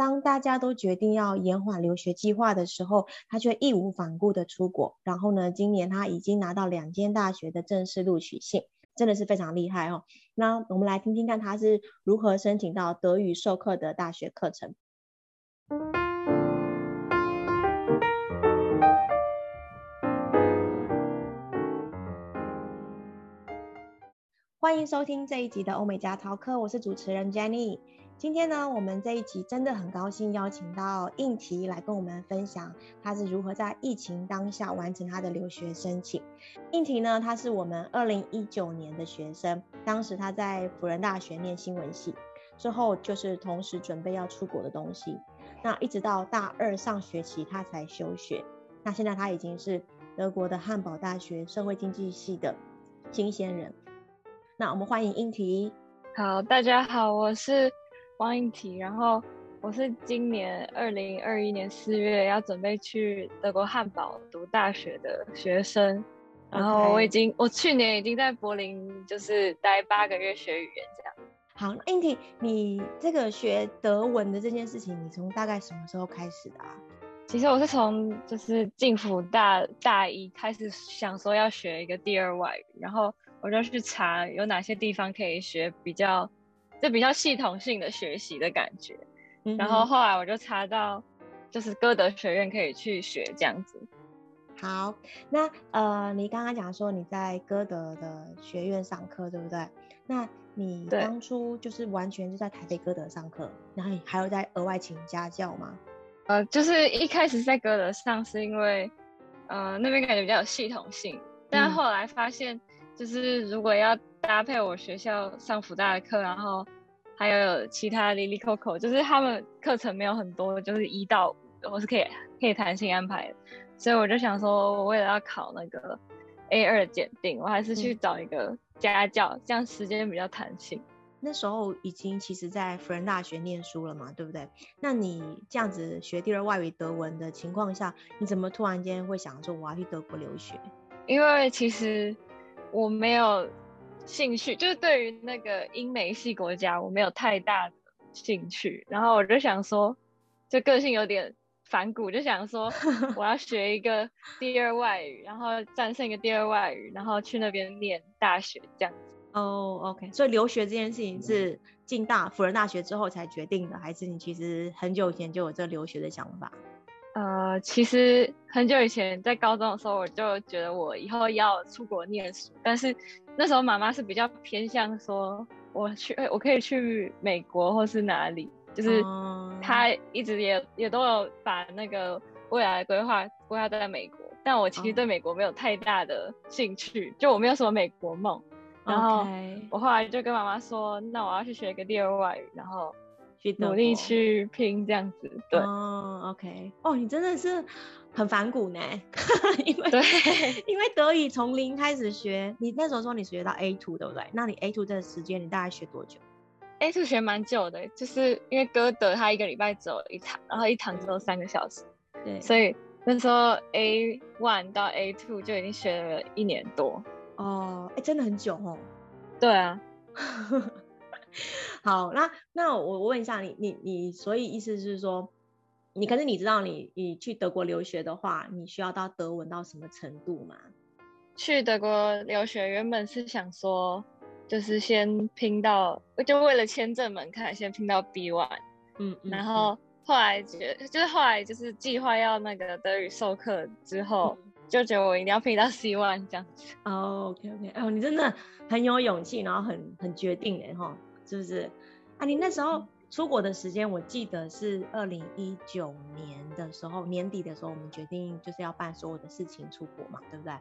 當大家都決定要延緩留學計劃的時候，他卻義無反顧的出國。然後呢，今年他已經拿到兩間大學的正式錄取信，真的是非常厲害哦。那我們來聽聽看他是如何申請到德語授課的大學課程。歡迎收聽這一集的歐美加 Talk，我是主持人 Jenny。今天呢，我們這一集真的很高興邀請到映堤來跟我們分享，他是如何在疫情當下完成他的留學申請。映堤呢，他是我們二零一九年的學生，當時他在輔仁大學念新聞系，之後就是同時準備要出國的東西，那一直到大二上學期他才休學，那現在他已經是德國的漢堡大學社會經濟系的新鮮人。那我們歡迎映堤。好，大家好，我是。歡迎映堤，然後我是今年二零二一年四月要準備去德國漢堡讀大學的學生，Okay. 然後我已經我去年已經在柏林就是待八個月學語言這樣。好，映堤，你這個學德文的這件事情，你從大概什麼時候開始的啊？其實我是從就是進輔大大一開始，想說要學一個第二外語，然後我就去查有哪些地方可以學比較。就比較系統性的學習的感覺，嗯、哼然後後來我就查到，就是歌德學院可以去學這樣子。好，那呃，你剛剛講說你在歌德的學院上課，對不對？那你當初就是完全就在台北歌德上課，對然後你還有在額外請家教嗎？呃，就是一開始在歌德上是因為，呃，那邊感覺比較有系統性，但後來發現、嗯。就是如果要搭配我學校上輔大的課，然後還有其他 Lily Coco，就是他們課程沒有很多，就是一到五我是可以可以彈性安排，所以我就想說，我為了要考那個 A 二的檢定，我還是去找一個家教，嗯、這樣時間比較彈性。那時候已經其實在輔仁大學念書了嘛，對不對？那你這樣子學第二外語德文的情況下，你怎麼突然間會想說我要去德國留學？因為其實。我沒有興趣，就是對於那個英美系國家，我沒有太大的興趣。然後我就想說，就個性有點反骨，就想說我要學一個第二外語， 然後戰勝一個第二外語，然後去那邊唸大學這樣子。哦，oh, OK。所以留學這件事情是進大輔仁大學之後才決定的，還是你其實很久以前就有這留學的想法？呃，其實很久以前在高中的時候，我就覺得我以後要出國念書，但是那時候媽媽是比較偏向說我去，我可以去美國或是哪裡，就是她一直也也都有把那個未來規劃規劃在美國，但我其實對美國沒有太大的興趣，Oh. 就我沒有什麼美國夢，然後我後來就跟媽媽說，那我要去學一個第二外語，然後。去努力去拼這樣子，對哦、oh,，OK，哦、oh,，你真的是很反骨呢， 因為對，因為德語從零開始學，你那時候說你學到 A two 對不對？那你 A two 的時間你大概學多久？A two 學蠻久的，就是因為歌德他一個禮拜只有一堂，然後一堂只有三個小時，對，所以那時候 A one 到 A two 就已經學了一年多哦，哎、oh, 欸，真的很久哦，對啊。 好，那那我問一下你，你你所以意思是說，你可是你知道你你去德國留學的話，你需要到德文到什麼程度嗎？去德國留學原本是想說，就是先拼到，就為了簽證門檻先拼到 B1，嗯，嗯，嗯，然後後來覺就是後來就是計劃要那個德語授課之後，嗯，就覺得我一定要拼到 C1，這樣子。哦，oh，OK OK，哦，oh，你真的很有勇氣，然後很很決定的哈，吼就是不是啊？你那時候出國的時間，我記得是二零一九年的時候，年底的時候，我們決定就是要辦所有的事情出國嘛，對不對？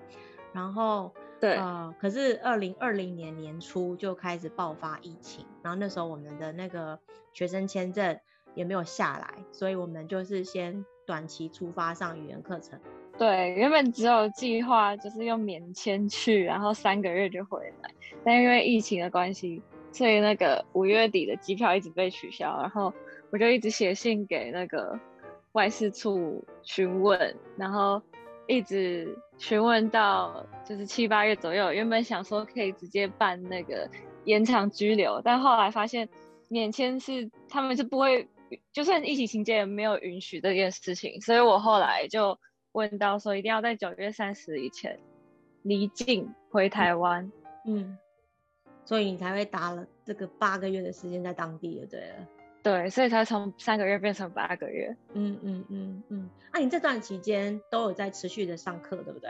然後對，呃，可是二零二零年年初就開始爆發疫情，然後那時候我們的那個學生簽證也沒有下來，所以我們就是先短期出發上語言課程。對，原本只有計劃就是用免簽去，然後三個月就回來，但因為疫情的關係。所以那個五月底的機票一直被取消，然後我就一直寫信給那個外事處詢問，然後一直詢問到就是七八月左右。原本想說可以直接辦那個延長居留，但後來發現免簽是他們是不會，就算疫情期間也沒有允許這件事情。所以我後來就問到說一定要在九月三十以前離境回台灣，嗯。嗯所以你才會待了這個八個月的時間在當地的，對了，對，所以才從三個月變成八個月。嗯嗯嗯嗯。啊，你這段期間都有在持續的上課，對不對？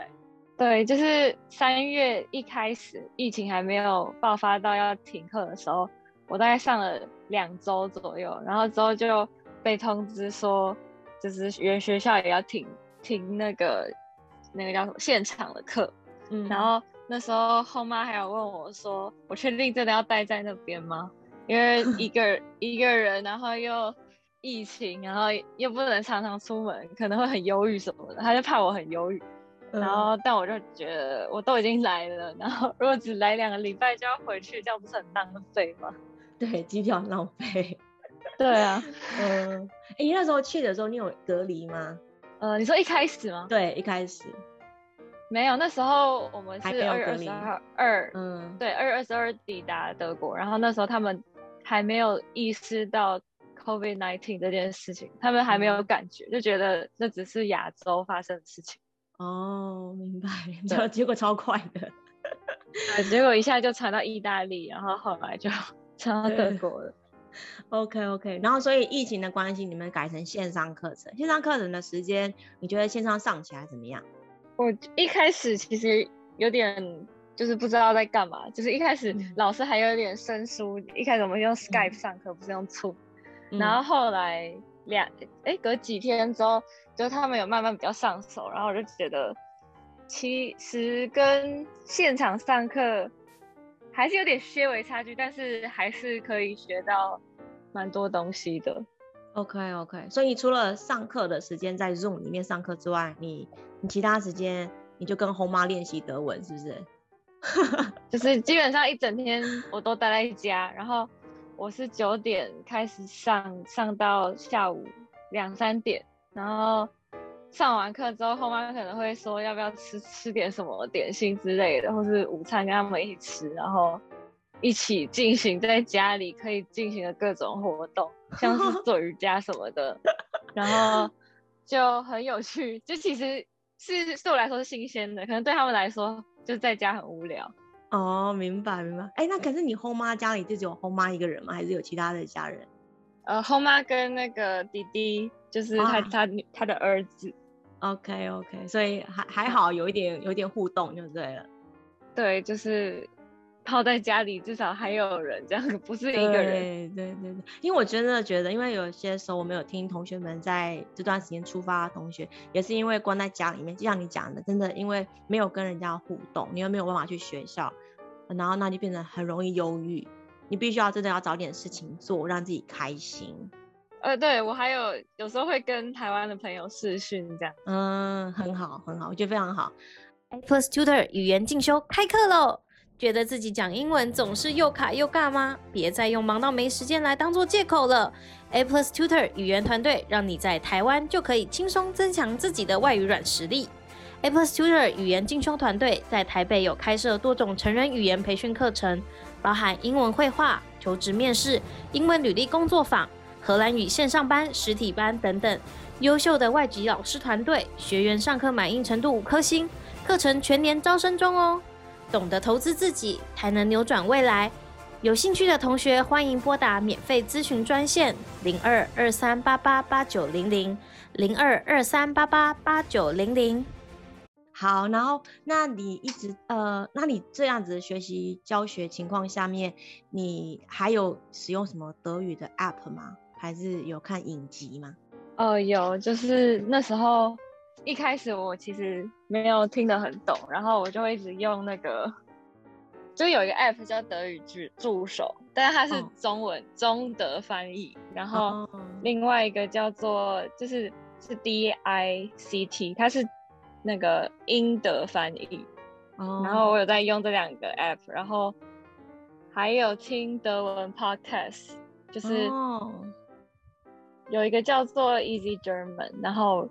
對，就是三月一開始疫情還沒有爆發到要停課的時候，我大概上了兩周左右，然後之後就被通知說，就是原學校也要停停那個那個叫什麼現場的課，嗯，然後。那時候後媽還有問我說：“我確定真的要待在那邊嗎？因為一個 一個人，然後又疫情，然後又不能常常出門，可能會很憂鬱什麼的。”她就怕我很憂鬱。嗯、然後，但我就覺得我都已經來了，然後如果只來兩個禮拜就要回去，這樣不是很浪費嗎？對，機票很浪費。 對啊，嗯、呃，哎、欸，你那時候去的時候你有隔離嗎？呃，你說一開始嗎？對，一開始。沒有，那時候我們是二月二十二，對嗯，對，二月二十二抵達德國，然後那時候他們還沒有意識到 COVID nineteen 這件事情，他們還沒有感覺，嗯、就覺得那只是亞洲發生的事情。哦，明白。這結果超快的，對 結果一下就傳到意大利，然後後來就傳到德國了。 OK OK，然後所以疫情的關係，你們改成線上課程，線上課程的時間，你覺得線上上起來怎麼樣？我一開始其實有點就是不知道在幹嘛，就是一開始老師還有點生疏。嗯、一開始我們用 Skype 上課，不是用 Zoom，嗯，然後後來兩哎、欸、隔幾天之後，就他們有慢慢比較上手，然後我就覺得其實跟現場上課還是有點些微，微差距，但是還是可以學到蠻多東西的。OK OK，所以除了上課的時間在 Zoom 裡面上課之外，你你其他時間你就跟後媽練習德文，是不是？ 就是基本上一整天我都待在家，然後我是九點開始上，上到下午兩三點，然後上完課之後，後媽可能會說要不要吃吃點什麼點心之類的，或是午餐跟他們一起吃，然後。一起進行在家裡可以進行的各種活動，像是做瑜伽什麼的， 然後就很有趣。就其實是對我來說是新鮮的，可能對他們來說就在家很無聊。哦，明白明白。哎、欸，那可是你後媽家裡就只有後媽一個人嗎？還是有其他的家人？呃，後媽跟那個弟弟，就是他、啊、他他的兒子。OK OK，所以還還好，有一點、嗯、有一點互動就對了。對，就是。泡在家裡，至少還有人，這樣不是一個人。對，對對對，因為我真的覺得，因為有些時候我沒有聽同學們在這段時間出發，同學也是因為關在家裡面，就像你講的，真的因為沒有跟人家互動，你又沒有辦法去學校，然後那就變成很容易憂鬱。你必須要真的要找點事情做，讓自己開心。呃，對，我還有有時候會跟台灣的朋友視訊這樣。嗯，很好很好，我覺得非常好。Apple Tutor 語言進修開課嘍！覺得自己講英文總是又卡又尬嗎？別再用忙到沒時間來當做借口了。A p l e s Tutor 語言團隊讓你在台灣就可以輕鬆增強自己的外語軟實力。A p l e s Tutor 語言進修團隊在台北有開設多種成人語言培訓課程，包含英文繪畫求職面試、英文履歷工作坊、荷蘭語線上班、實體班等等。優秀的外籍老師團隊，學員上課滿意程度五顆星，課程全年招生中哦。懂得投資自己，才能扭轉未來。有興趣的同學，歡迎撥打免費諮詢專線零二二三八八八九零零零二二三八八八九零零。00, 好，然後那你一直呃，那你這樣子學習教學情況下面，你還有使用什麼德語的 App 嗎？還是有看影集嗎？哦、呃，有，就是那時候。一開始我其實沒有聽得很懂，然後我就會一直用那個，就有一個 app 叫德語助助手，但是它是中文中德翻譯，然後另外一個叫做就是是 DICT，它是那個英德翻譯，然後我有在用這兩個 app，然後還有聽德文 podcast，就是有一個叫做 Easy German，然後。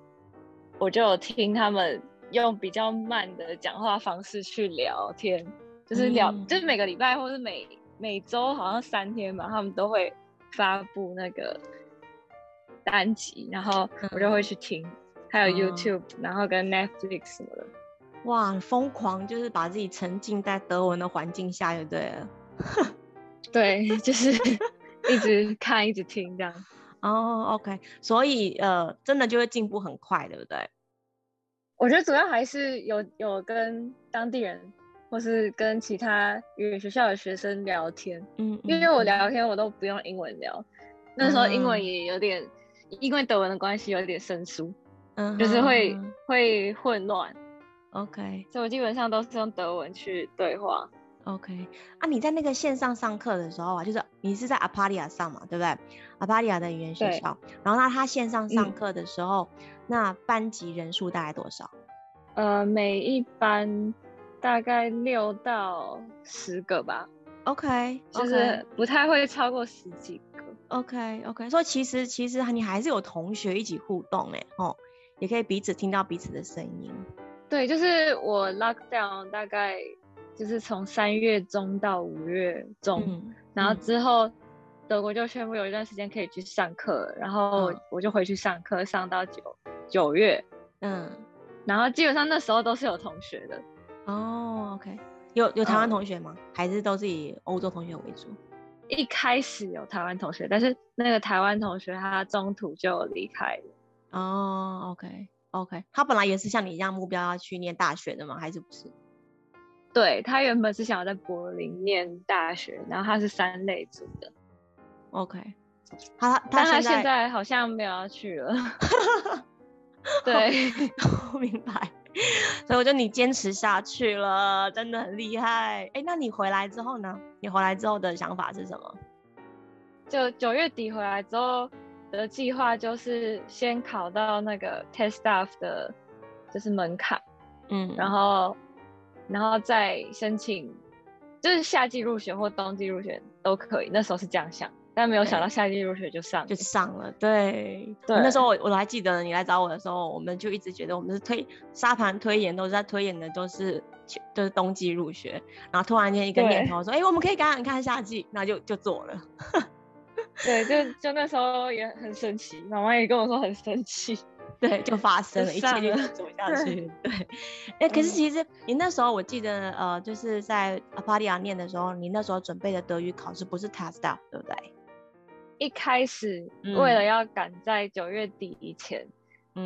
我就有聽他們用比較慢的講話方式去聊天，就是聊，嗯、就是每個禮拜或是每每周好像三天吧，他們都會發布那個單集，然後我就會去聽，嗯、還有 YouTube、哦、然後跟 Netflix 什麼的。哇，瘋狂就是把自己沉浸在德文的環境下就對了。 對，就是 一直看，一直聽這樣。哦、oh，OK，所以呃，真的就會進步很快，對不對？我覺得主要還是有有跟當地人，或是跟其他語言學校的學生聊天，嗯，因為我聊天我都不用英文聊，嗯、那時候英文也有點，嗯、因為德文的關係有點生疏，嗯哼，就是會會混亂，OK，所以我基本上都是用德文去對話。OK，啊，你在那個線上上課的時候啊，就是你是在 Alpadia 上嘛，對不對？Alpadia 的語言學校。對。然後那他線上上課的時候，嗯、那班級人數大概多少？呃，每一班大概六到十個吧。OK，okay。就是不太會超過十幾個。OK，OK，所以其實其實你還是有同學一起互動誒、欸，哦，也可以彼此聽到彼此的聲音。對，就是我 Lockdown 大概。就是從三月中到五月中，嗯，然後之後德國就宣布有一段時間可以去上課，然後我就回去上課，上到九九月，嗯，然後基本上那時候都是有同學的，哦，OK，有有台灣同學嗎？嗯，還是都是以歐洲同學為主？一開始有台灣同學，但是那個台灣同學他中途就離開了，哦，OK OK，他本來也是像你一樣目標要去念大學的嗎？還是不是？對，他原本是想要在柏林唸大學，然後他是三類組的，OK，他他現，他現在好像沒有要去了， 對，我明白，所以我覺得你堅持下去了，真的很厲害。哎，那你回來之後呢？你回來之後的想法是什麼？就九月底回來之後的計劃就是先考到那個 test staff 的，就是門檻，嗯，然後。然後再申請，就是夏季入學或冬季入學都可以。那時候是這樣想，但沒有想到夏季入學就上了，嗯、就上了。對對，那時候我我還記得你來找我的時候，我們就一直覺得我們是推沙盤推演，都是在推演的，就是，都是就是冬季入學。然後突然間一個念頭說，哎，對、欸，我們可以趕敢看夏季，那就就做了。 對，就就那時候也很神奇，媽媽也跟我說很神奇。對，就發生了、嗯、了一切就走下去。嗯、對，哎，可是其實你那時候，我記得，呃，就是在 Alpadia 唸的時候，你那時候準備的德語考試不是 TestDaF，對不對？一開始為、嗯、了要趕在九月底以前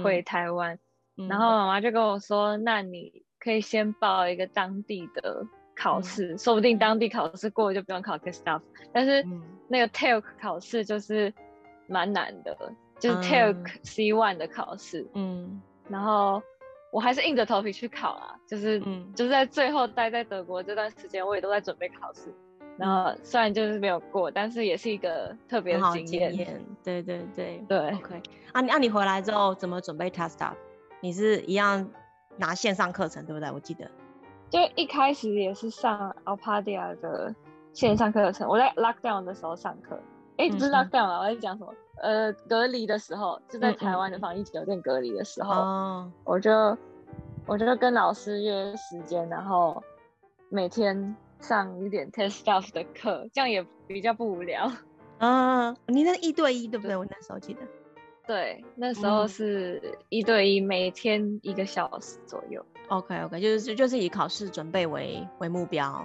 回台灣，嗯、然後媽媽就跟我說：“嗯、那你可以先報一個當地的考試，嗯、說不定當地考試過就不用考 TestDaF。”但是那個 tail 考試就是蠻難的。就是 telc C1 的考試，嗯，然後我還是硬着頭皮去考啊，就是、嗯、就是在最後待在德國這段時間，我也都在準備考試，嗯、然後雖然就是沒有過，但是也是一個特別的經驗，對對對對。對 OK，啊你，你啊你回來之後怎麼準備 Test Up？你是一樣拿線上課程對不對？我記得，就一開始也是上 Alpadia 的線上課程，嗯、我在 Lockdown 的時候上課。哎，你、欸、知道幹嘛？我在講什麼？呃，隔離的時候，就在台灣的防疫酒店隔離的時候，嗯嗯我就我就跟老師約時間，然後每天上一點 test stuff 的課，這樣也比較不無聊。啊、哦，你那一對一對不對？對我那時候記得，對，那時候是一對一，每天一個小時左右。嗯、OK OK，就是就是以考試準備為為目標，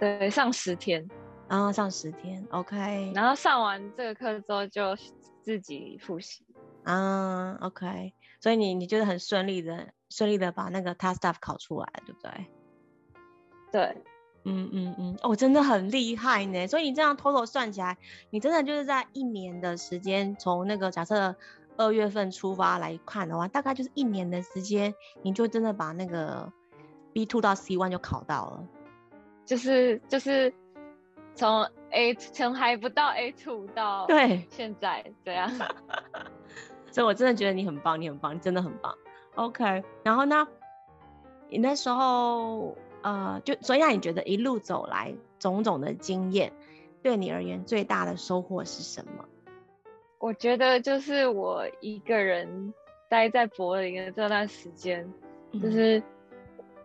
對，上十天。然後上十天，OK，然後上完這個課之後就自己複習，啊、uh,，OK，所以你你就是很順利的，順利的把那個 TestDaF 考出來，對不對？對，嗯嗯嗯，哦，真的很厲害呢。所以你這樣 total 算起來，你真的就是在一年的時間，從那個假設二月份出發來看的話，大概就是一年的時間，你就真的把那個 B Two 到 C One 就考到了，就是就是。就是從 A 從還不到 A 2到對現在這樣，對啊、 所以我真的覺得你很棒，你很棒，你真的很棒。OK，然後呢，你那時候呃，就所以讓你覺得一路走來種種的經驗，對你而言最大的收穫是什麼？我覺得就是我一個人待在柏林的這段時間，嗯、就是。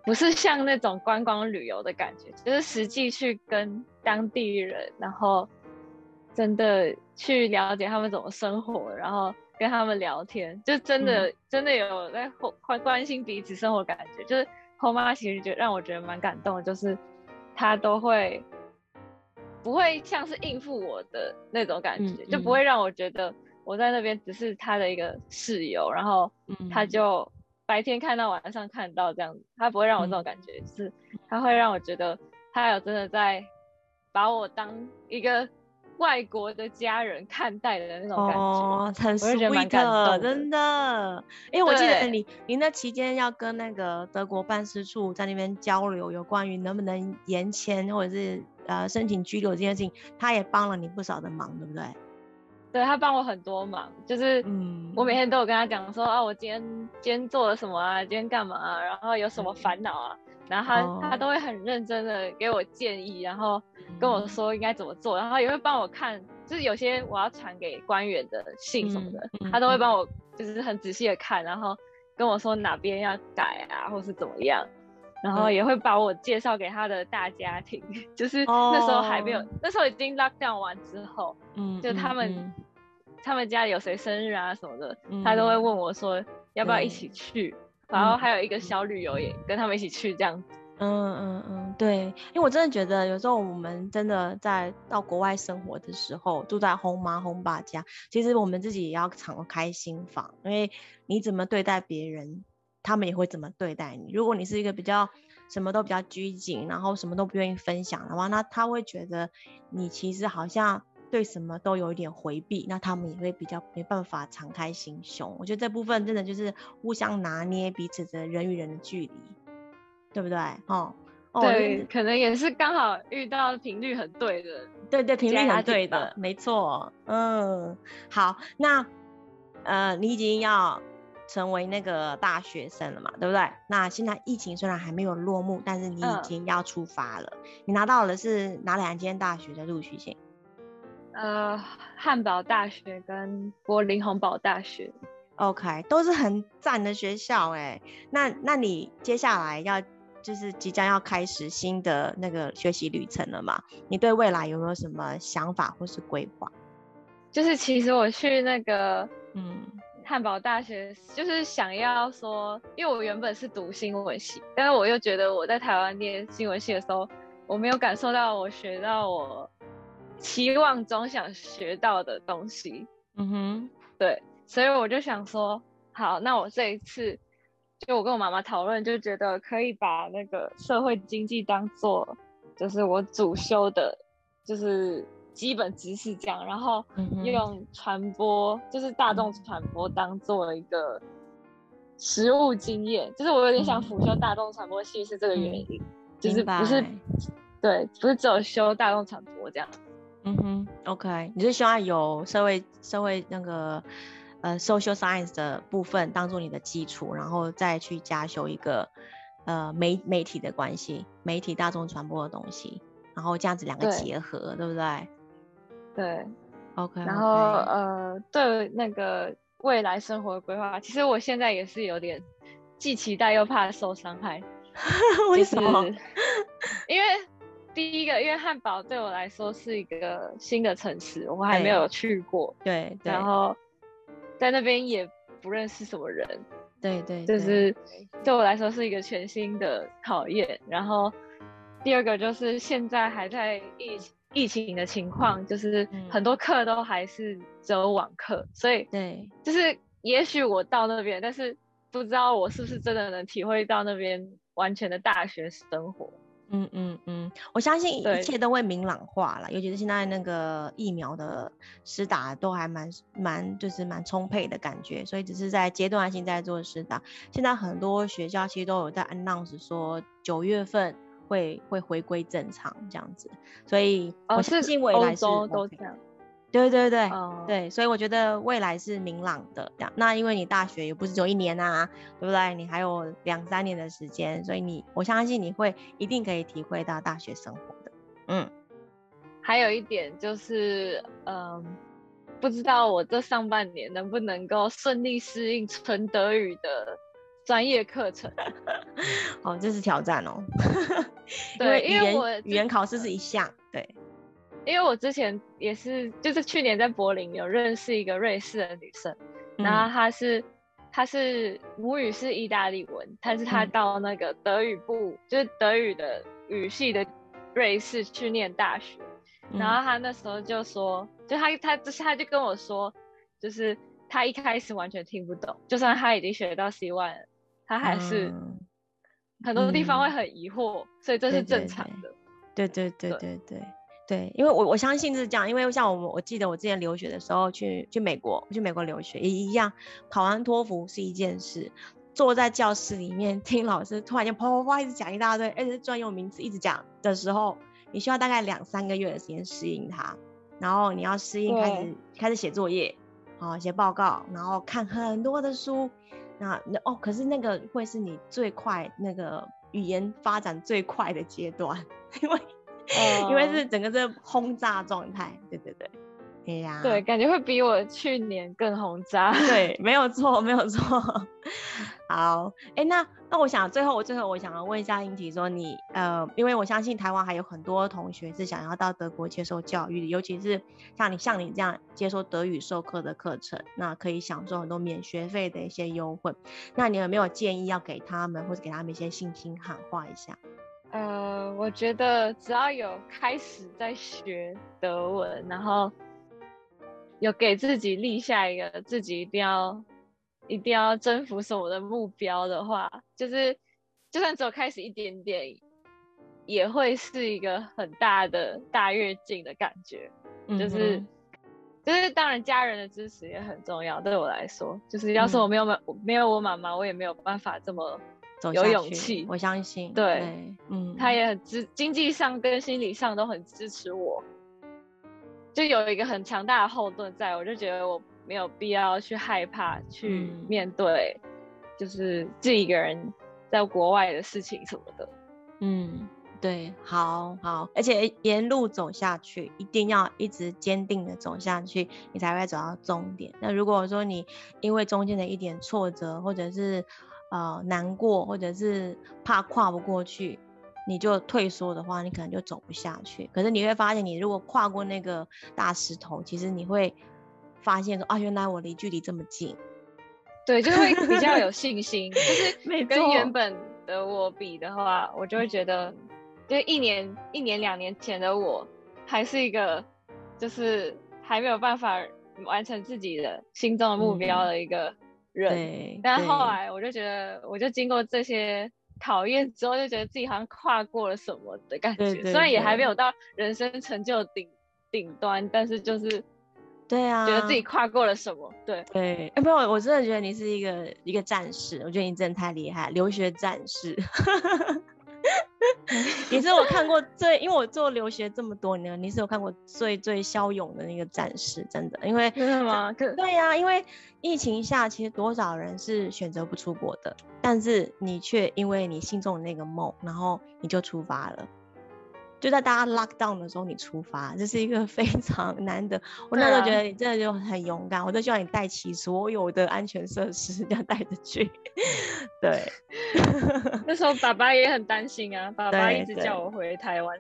不是像那種觀光旅遊的感覺，就是實際去跟當地人，然後真的去了解他們怎麼生活，然後跟他們聊天，就真的、嗯、真的有在關關心彼此生活感覺，就是後媽其實就讓我覺得蠻感動的，就是她都會不會像是應付我的那種感覺，嗯嗯、就不會讓我覺得我在那邊只是她的一個室友，然後她就。白天看到晚上看到，這樣子，他不會讓我這種感覺，嗯、是他會讓我覺得他有真的在把我當一個外國的家人看待的那種感覺，哦，很 sweet，我就覺得蠻感動的。真的。哎、欸，對。我記得你，你那期間要跟那個德國辦事處在那邊交流，有關於能不能延簽或者是呃申請居留這件事情，他也幫了你不少的忙，對不對？對，他幫我很多忙，就是我每天都有跟他講說、嗯、啊，我今天今天做了什麼啊，今天幹嘛啊，然後有什麼煩惱啊，嗯、然後他、哦、他都會很認真的給我建議，然後跟我說應該怎麼做，嗯、然後也會幫我看，就是有些我要傳給官員的信什麼的，嗯、他都會幫我就是很仔細的看，嗯、然後跟我說哪邊要改啊，或是怎麼樣。然後也會把我介紹給他的大家庭，就是那時候還沒有，oh, 那時候已經 lockdown 完之後，嗯，就他們，嗯嗯、他們家裡有誰生日啊什麼的，嗯、他都會問我說要不要一起去，對然後還有一個小旅遊也跟他們一起去這樣子，嗯嗯嗯，對，因為我真的覺得有時候我們真的在到國外生活的時候，住在 home 媽 home 爸家，其實我們自己也要敞開心房，因為你怎麼對待別人。他們也會怎麼對待你。如果你是一個比較什麼都比較拘謹，然後什麼都不願意分享的話，那他會覺得你其實好像對什麼都有一點回避，那他們也會比較沒辦法敞開心胸。我覺得這部分真的就是互相拿捏彼此的人與人的距離，對不對？哦，對，哦，可能也是剛好遇到頻率很對的，對對，頻率很對的，對，沒錯。嗯，好，那呃，你已經要。成為那個大學生了嘛，對不對？那現在疫情雖然還沒有落幕，但是你已經要出發了。嗯、你拿到的是哪兩間大學的錄取信？呃，漢堡大學跟柏林洪堡大學。OK，都是很讚的學校哎。那那你接下來要就是即將要開始新的那個學習旅程了嘛？你對未來有沒有什麼想法或是規劃？就是其實我去那個嗯。漢堡大學就是想要說，因為我原本是讀新聞系，但是我又覺得我在台灣念新聞系的時候，我沒有感受到我學到我期望中想學到的東西。嗯哼，對，所以我就想說，好，那我這一次就我跟我媽媽討論，就覺得可以把那個社會經濟當做就是我主修的，就是。基本知識這樣，然後用傳播、嗯、哼就是大眾傳播當做一個實務經驗，就是我有點想輔修大眾傳播系是這個原因，白就是不是對不是只有修大眾傳播這樣，嗯哼，OK，你是希望有社會社會那個呃 social science 的部分當做你的基礎，然後再去加修一個呃媒媒體的關係，媒體大眾傳播的東西，然後這樣子兩個結合，對，對不對？對，OK, okay. 然後呃，對那個未來生活規劃，其實我現在也是有點既期待又怕受傷害。 為什麼？因為第一個，因為漢堡對我來說是一個新的城市，我們還沒有去過。對 Hey，然後，對。對，然後在那邊也不認識什麼人。對對。對對，就是對我來說是一個全新的考驗。然後第二個就是現在還在疫情。疫情的情況就是很多課都還是只有網課，嗯、所以對，就是也許我到那邊，對但是不知道我是不是真的能體會到那邊完全的大學生活。嗯嗯嗯，我相信一切都會明朗化了，對尤其是現在那個疫苗的施打都還蠻蠻就是蠻充沛的感覺，所以只是在階段性在做施打。現在很多學校其實都有在 announce 說九月份。會會回歸正常這樣子，所以，哦，我相信未來都都這樣，okay，對對對對，哦，對，所以我覺得未來是明朗的這樣。那因為你大學也不是只有一年啊，對不對？你還有兩三年的時間，所以你我相信你會一定可以體會到大學生活的。嗯，還有一點就是，嗯，不知道我這上半年能不能夠順利適應純德語的。專業課程， 哦，這是挑戰哦。 對，因為語言因為我語言考試是一項。對，因為我之前也是，就是去年在柏林有認識一個瑞士的女生，然後她是，嗯，她是母語是意大利文，但是她到那個德語部，嗯，就是德語的語系的瑞士去念大學，然後她那時候就說，就她她就是她就跟我說，就是她一開始完全聽不懂，就算她已經學到 C1 了。他還是很多地方會很疑惑，嗯、所以這是正常的。對對對,對對對對對,對,對，因為我我相信是這樣，因為像我我記得我之前留學的時候，去去美國，去美國留學也一樣，考完托福是一件事，坐在教室裡面聽老師突然間啪啪啪一直講一大堆，而、欸、且是專用名詞一直講的時候，你需要大概兩三個月的時間適應它，然後你要適應開始對開始寫作業，好、啊、寫報告，然後看很多的書。那那哦，可是那個會是你最快那個語言發展最快的階段，因為、呃、因為是整個這個轟炸狀態，對對對，哎呀、啊，對，感覺會比我去年更轟炸，對 沒錯，沒有錯，沒有錯。好，哎、欸，那那我想最後我最後我想要問一下映堤，說你呃，因為我相信台灣還有很多同學是想要到德國接受教育的，尤其是像你像你這樣接受德語授課的課程，那可以享受很多免學費的一些優惠。那你有沒有建議要給他們，或者給他們一些信心喊話一下？呃，我覺得只要有開始在學德文，然後有給自己立下一個自己一定要。一定要征服什麼的目標的話，就是，就算只有開始一點點，也會是一個很大的大躍進的感覺。嗯、哼就是，就是當然家人的支持也很重要。對我來說，就是要是我沒有沒、嗯、沒有我媽媽，我也沒有辦法這麼有勇氣。我相信，對，對嗯，嗯，他也很支，經濟上跟心理上都很支持我，就有一個很強大的後盾在，在我就覺得我。沒有必要去害怕去面對，就是自己一個人在國外的事情什麼的。嗯，對，好好，而且沿路走下去，一定要一直堅定的走下去，你才會走到終點。那如果說你因為中間的一點挫折，或者是呃難過，或者是怕跨不過去，你就退縮的話，你可能就走不下去。可是你會發現，你如果跨過那個大石頭，其實你會。發現說啊，原來我離距離這麼近，對，就會比較有信心。 就是跟原本的我比的話，錯我就會覺得，就一年、一年、兩年前的我，還是一個就是還沒有辦法完成自己的心中的目標的一個人。嗯、對，但後來我就覺得，我就經過這些考驗之後，就覺得自己好像跨過了什麼的感覺。雖然也還沒有到人生成就頂頂端，但是就是。對啊，覺得自己跨過了什麼？對對，哎、欸，不，我真的覺得你是一個一個戰士，我覺得你真的太厲害，留學戰士。 你是我看過最，因為我做留學這麼多年，你是我看過最最驍勇的那個戰士，真的，因為真的嗎？對啊，因為疫情下，其實多少人是選擇不出國的，但是你卻因為你心中的那個夢，然後你就出發了。就在大家 lock down 的時候，你出發，這是一個非常難得。我那時候覺得你真的就很勇敢。啊、我都希望你帶齊所有的安全設施，要帶着去。對， 那時候爸爸也很擔心啊，爸爸一直叫我回台灣。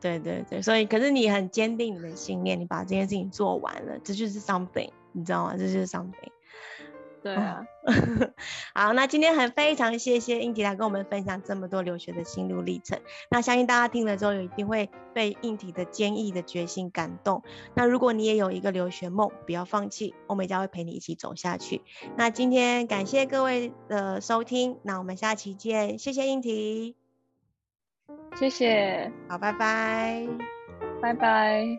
對對對，所以可是你很堅定你的信念，你把這件事情做完了，這就是 something，你知道嗎？這就是 something。對啊， 好，那今天很非常謝謝映堤來跟我們分享這麼多留學的心路歷程。那相信大家聽了之後，也一定會被映堤的堅毅的決心感動。那如果你也有一個留學夢，不要放棄，歐美加會陪你一起走下去。那今天感謝各位的收聽，那我們下期見，謝謝映堤，謝謝，好，拜拜，拜拜。